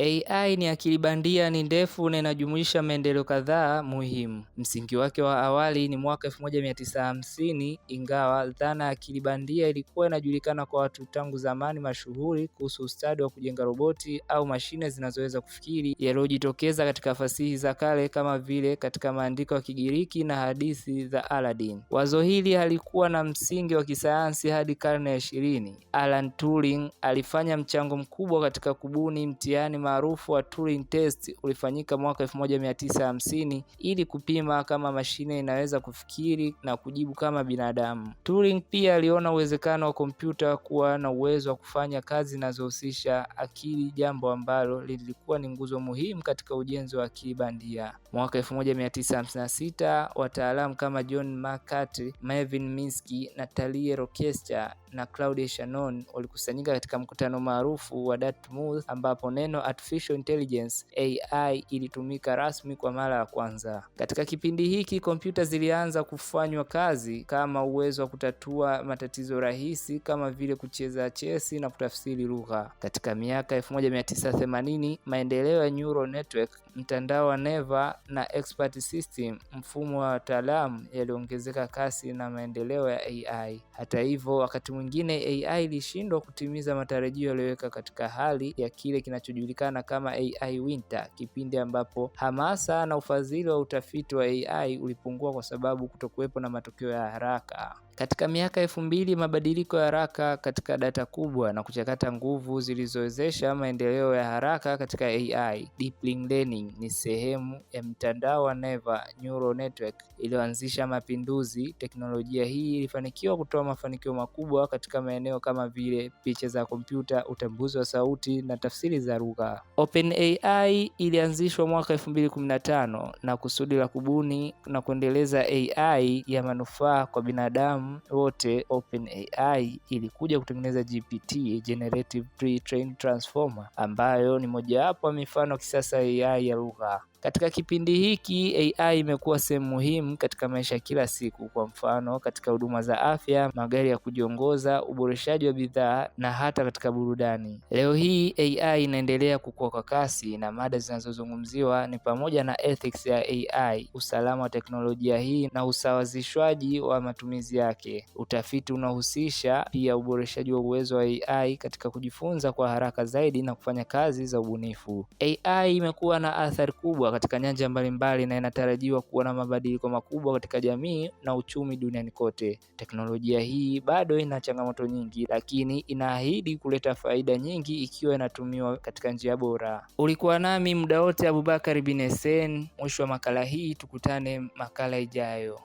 AI ni akili bandia ni ndefu na inajumuisha maendeleo kadhaa muhimu. Msingi wake wa awali ni mwaka 1950 ingawa dhana ya akili bandia ilikuwa inajulikana kwa watu tangu zamani mashuhuri kuhusu ustadi wa kujenga roboti au mashine zinazoweza kufikiri yaliyojitokeza katika fasihi za kale kama vile katika maandiko ya Kigiriki na hadithi za Aladdin. Wazo hili halikuwa na msingi wa kisayansi hadi karne ya ishirini. Alan Turing alifanya mchango mkubwa katika kubuni mtihani maarufu wa Turing test ulifanyika mwaka 1950 ili kupima kama mashine inaweza kufikiri na kujibu kama binadamu. Turing pia aliona uwezekano wa kompyuta kuwa na uwezo wa kufanya kazi zinazohusisha akili, jambo ambalo lilikuwa ni nguzo muhimu katika ujenzi wa akili bandia. Mwaka 1956 wataalamu kama John McCarthy, Melvin Minsky na Talie Rochester na Claudia Shannon walikusanyika katika mkutano maarufu wa Dartmouth ambapo neno Artificial Intelligence AI ilitumika rasmi kwa mara ya kwanza. Katika kipindi hiki, kompyuta zilianza kufanywa kazi kama uwezo wa kutatua matatizo rahisi kama vile kucheza chesi na kutafsiri lugha. Katika miaka 1980, maendeleo ya neural network, mtandao wa neva na expert system, mfumo wa wataalamu yaliongezeka kasi na maendeleo ya AI. Hata hivyo, wakati mwingine AI ilishindwa kutimiza matarajio yaliyoweka katika hali ya kile kinachojulikana kama AI winter, kipindi ambapo hamasa na ufadhili wa utafiti wa AI ulipungua kwa sababu kutokuwepo na matokeo ya haraka. Katika miaka elfu mbili mabadiliko ya haraka katika data kubwa na kuchakata nguvu zilizowezesha maendeleo ya haraka katika AI. Deep Learning ni sehemu ya mtandao wa Neva Neural Network iliyoanzisha mapinduzi. Teknolojia hii ilifanikiwa kutoa mafanikio makubwa katika maeneo kama vile picha za kompyuta, utambuzi wa sauti na tafsiri za lugha. OpenAI ilianzishwa mwaka 2015 na kusudi la kubuni na kuendeleza AI ya manufaa kwa binadamu wote OpenAI ilikuja kutengeneza GPT Generative Pre-trained Transformer ambayo ni mojawapo ya mifano kisasa AI ya lugha. Katika kipindi hiki AI imekuwa sehemu muhimu katika maisha ya kila siku. Kwa mfano, katika huduma za afya, magari ya kujiongoza, uboreshaji wa bidhaa na hata katika burudani. Leo hii AI inaendelea kukua kwa kasi na mada zinazozungumziwa ni pamoja na ethics ya AI, usalama wa teknolojia hii na usawazishwaji wa matumizi yake. Utafiti unahusisha pia uboreshaji wa uwezo wa AI katika kujifunza kwa haraka zaidi na kufanya kazi za ubunifu. AI imekuwa na athari kubwa katika nyanja mbalimbali na inatarajiwa kuwa na mabadiliko makubwa katika jamii na uchumi duniani kote. Teknolojia hii bado ina changamoto nyingi, lakini inaahidi kuleta faida nyingi ikiwa inatumiwa katika njia bora. Ulikuwa nami muda wote Abubakar bin Hussein. Mwisho wa makala hii, tukutane makala ijayo.